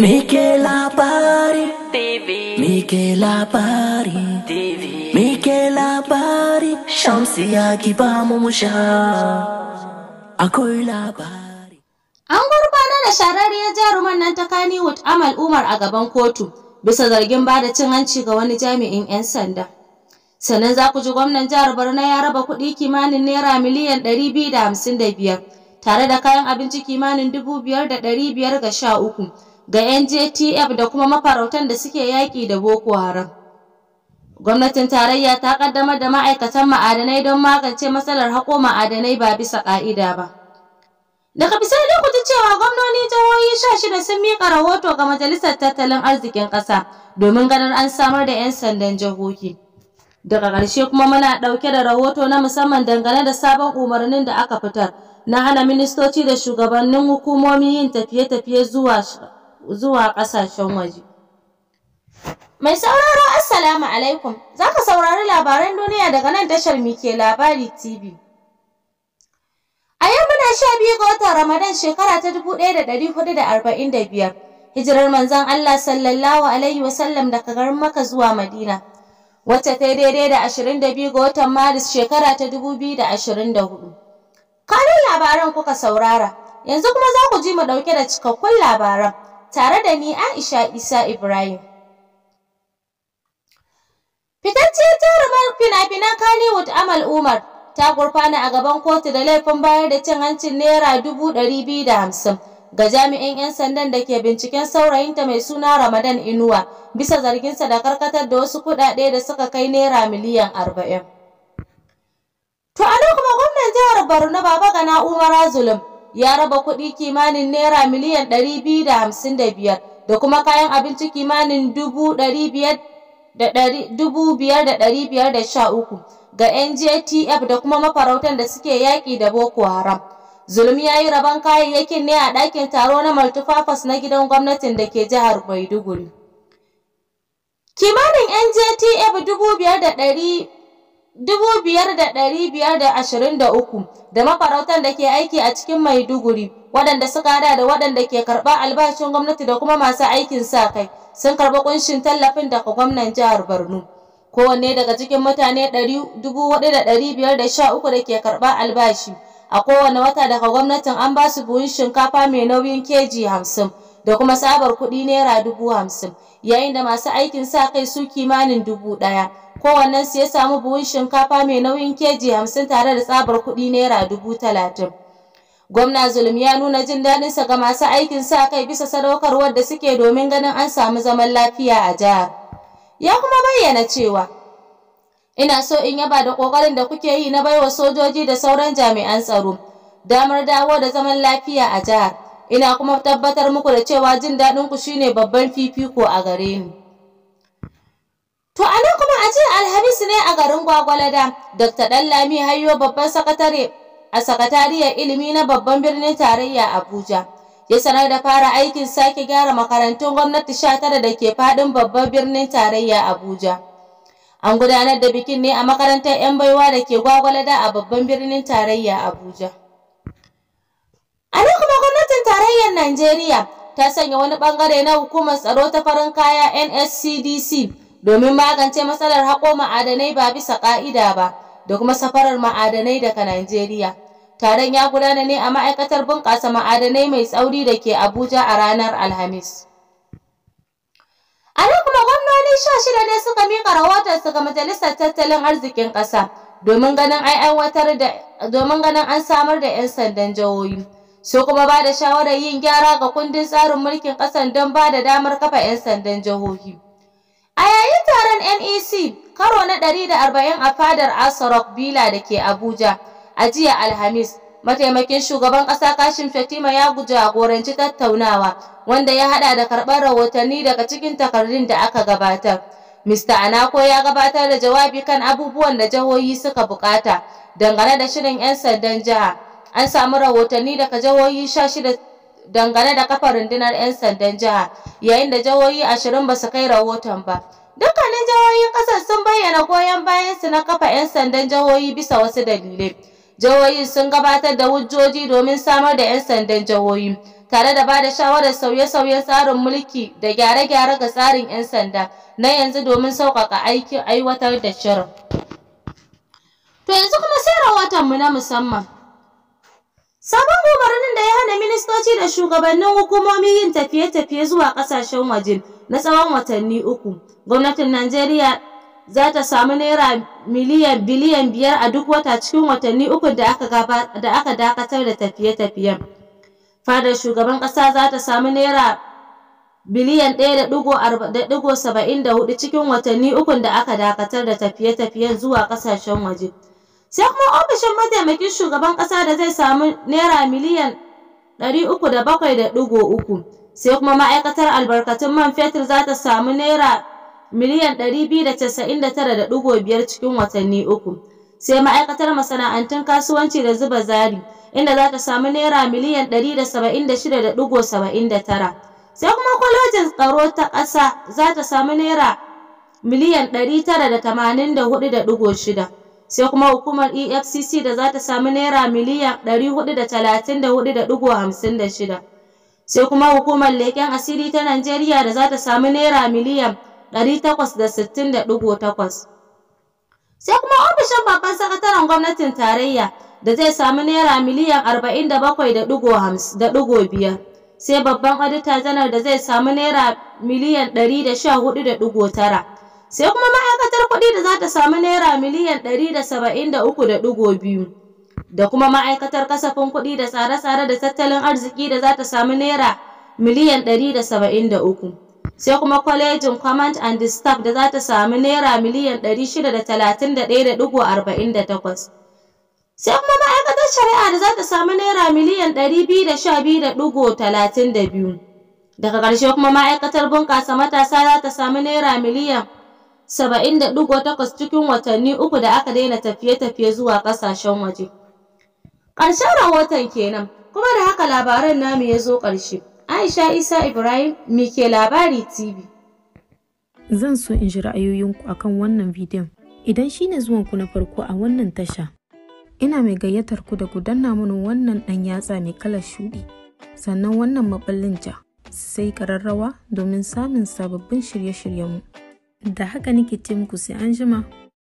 Mike labari TV Mike labari TV Mike labari Shamsi ya kiba mu musha Akwai labari An gurbana da shararriyar jaruman nan ta Kannywood Amal Umar a gaban kotu bisa zargin bada cin hanci ga wani jami'in 'yan sanda. Sannan za ku ji gwamnan jihar Borno ya raba kuɗi kimanin naira miliyan 255 tare da kayan abinci kimanin biyar ga sha uku. ga 'yan da kuma mafarautan da suke yaƙi da Boko Haram. Gwamnatin tarayya ta ƙaddamar da ma'aikatan ma'adanai don magance matsalar haƙo ma'adanai ba bisa ƙa'ida ba. Daga bisani ku ji cewa gwamnoni jihohi sha shida sun mika rahoto ga Majalisar Tattalin Arzikin Ƙasa domin ganin an samar da 'yan sandan jihohi. Daga ƙarshe kuma muna ɗauke da rahoto na musamman dangane da sabon umarnin da aka fitar na hana ministoci da shugabannin hukumomi yin tafiye-tafiye zuwa zuwa ƙasashen waje. Mai sauraro Assalamu alaikum, za ka saurari labaran duniya daga nan tashar Mike Labari TV. A yau muna sha biyu ga watan Ramadan shekara ta dubu ɗaya da ɗari huɗu da arba'in da biyar. Hijirar manzon Allah sallallahu alaihi wasallam daga garin Makka zuwa Madina. Wacce ta daidai da ashirin da biyu ga watan Maris shekara ta dubu biyu da ashirin da hudu. Kanin labaran kuka saurara, yanzu kuma za ku ji mu ɗauke da cikakkun labaran. tare da ni Aisha Isa Ibrahim. Fitacciyar jarumar fina-finan Kannywood Amal Umar ta gurfana a gaban kotu da laifin bayar da cin hancin Naira dubu ɗari biyu da hamsin ga jami'in 'yan sandan da ke binciken saurayinta mai suna Ramadan Inuwa bisa zarginsa da karkatar da wasu kuɗaɗe da suka kai Naira miliyan arba'in. To a kuma gwamnan jihar Borno Baba Gana Umar Zulum ya raba kuɗi kimanin naira miliyan ɗari biyu da hamsin da biyar da kuma kayan abinci kimanin dubu ɗari biyar da dubu biyar da ɗari biyar da sha uku ga NJTF da kuma mafarautan da suke yaƙi da Boko Haram. Zulum ya yi rabon kayayyakin ne a ɗakin taro na multifafas na gidan gwamnatin da ke jihar Maiduguri. Kimanin NJTF dubu biyar da ɗari dubu biyar da ɗari biyar da ashirin da uku da mafarautan da ke aiki a cikin Maiduguri waɗanda suka hada da waɗanda ke karɓar albashin gwamnati da kuma masu aikin sa kai sun karɓi ƙunshin tallafin daga gwamnan jihar Borno. Kowanne daga cikin mutane ɗari dubu huɗu da ɗari biyar da sha uku da ke karɓar albashi a kowane wata daga gwamnatin an basu buhun shinkafa mai nauyin keji hamsin da kuma sabar kuɗi naira dubu hamsin. yayin da masu aikin sa kai su kimanin dubu ɗaya. su ya samu buhun shinkafa mai nauyin keji hamsin tare da tsabar kuɗi naira dubu talatin. Gwamna Zulum ya nuna jin daɗinsa ga masu aikin sa kai bisa sadaukarwar da suke domin ganin an samu zaman lafiya a jihar. Ya kuma bayyana cewa, Ina so in yaba da ƙoƙarin da kuke yi na baiwa sojoji da sauran jami'an tsaro damar dawo da zaman lafiya a jihar. ina kuma tabbatar muku da cewa jin daɗin ku shine babban fifiko a gare ni to a nan kuma a ce alhamis ne a garin gwagwalada dr ɗanlami hayyo babban sakatare a sakatariyar ilimi na babban birnin tarayya abuja ya sanar da fara aikin sake gyara makarantun gwamnati sha tara da ke faɗin babban birnin tarayya abuja An gudanar da bikin ne a makarantar 'yan baiwa da ke gwagwalada a babban birnin tarayya Abuja. A nan kuma tarayyar Najeriya ta sanya wani bangare na hukumar tsaro ta farin kaya NSCDC domin magance matsalar haƙo ma'adanai ba bisa ƙa'ida ba da kuma safarar ma'adanai daga Najeriya. Taron ya gudana ne a ma'aikatar bunƙasa ma'adanai mai tsauri da ke Abuja a ranar Alhamis. A nan kuma gwamnoni sha shida ne suka miƙa su ga Majalisar Tattalin Arzikin Ƙasa domin ganin an samar da 'yan sandan jihohi. su kuma ba da shawarar yin gyara ga kundin tsarin mulkin ƙasar don ba da damar kafa 'yan sandan jihohi. A yayin taron NEC karo na 140 a fadar Asarok Bila da ke Abuja a jiya Alhamis, mataimakin shugaban ƙasa Kashim Fatima ya jagoranci tattaunawa wanda ya haɗa da karɓar rahotanni daga cikin takardun da aka gabatar. Mr. Anako ya gabatar da jawabi kan abubuwan da jihohi suka buƙata, dangane da shirin 'yan sandan jiha. an samu rahotanni daga jihohi sha dangane da kafa rundunar 'yan sandan jiha yayin da jihohi ashirin ba su kai rahoton ba dukkanin jihohin ƙasar sun bayyana goyon bayansu na kafa 'yan sandan jihohi bisa wasu dalilai jihohi sun gabatar da hujjoji domin samar da 'yan sandan jihohi tare da ba da shawarar sauye-sauyen tsarin mulki da gyare-gyare ga tsarin 'yan sanda na yanzu domin sauƙaƙa aikin aiwatar da shirin. To yanzu kuma sai mu na musamman. Sabon umarnin da ya hana ministoci da shugabannin hukumomi yin tafiye-tafiye zuwa ƙasashen waje na tsawon watanni uku. Gwamnatin Najeriya za ta samu naira miliyan biliyan biyar a duk wata cikin watanni uku da aka dakatar da tafiye-tafiyen. Fadar shugaban ƙasa za ta samu naira biliyan ɗaya da ɗigo saba'in da hudu cikin watanni uku da aka dakatar da tafiye-tafiyen zuwa ƙasashen waje. sai kuma ofishin mataimakin shugaban ƙasa da zai samu naira miliyan ɗari uku da bakwai da ɗigo uku sai kuma ma'aikatar albarkatun man fetur za ta samu naira miliyan ɗari biyu da casa'in da tara da ɗigo biyar cikin watanni uku sai ma'aikatar masana'antun kasuwanci da zuba zari inda za ta samu naira miliyan ɗari da saba'in da shida da ɗigo saba'in da tara sai kuma kwalejin tsaro ta ƙasa za ta samu naira miliyan ɗari tara da tamanin da huɗu da ɗigo shida sai kuma hukumar EFCC da za ta sami naira miliyan 434.56 sai kuma hukumar leken asiri ta Najeriya da za ta sami naira miliyan 860.8 sai kuma ofishin babban sakataren gwamnatin tarayya da zai sami naira miliyan 47.5 sai babban adita janar da zai sami naira miliyan 114.9 sai kuma ma'aikatar kuɗi da za ta samu naira miliyan ɗari da saba'in da uku da ɗigo biyu da kuma ma'aikatar kasafin kuɗi da tsare-tsare da tattalin arziki da za ta samu naira miliyan ɗari da saba'in da uku sai kuma kwalejin command and staff da za ta samu naira miliyan ɗari shida da talatin da ɗaya da ɗigo arba'in da takwas sai kuma ma'aikatar shari'a da za ta samu naira miliyan ɗari biyu da sha biyu da ɗigo talatin da biyu daga ƙarshe kuma ma'aikatar bunƙasa matasa za ta samu naira miliyan 70.8 cikin watanni uku da aka daina tafiye-tafiye zuwa ƙasashen waje. Ƙarshen rahoton kenan, kuma da haka labaran namu ya zo ƙarshe. Aisha Isa Ibrahim, Mike Labari TV. Zan so in ji ra'ayoyinku a kan wannan bidiyon. Idan shi ne zuwanku na farko a wannan tasha, ina mai gayyatar ku da ku danna mana wannan ɗan yatsa mai kalar shuɗi, sannan wannan maɓallin ja, sai ƙararrawa domin samun sababbin shirye-shiryenmu. da haka nake ce muku sai an jima.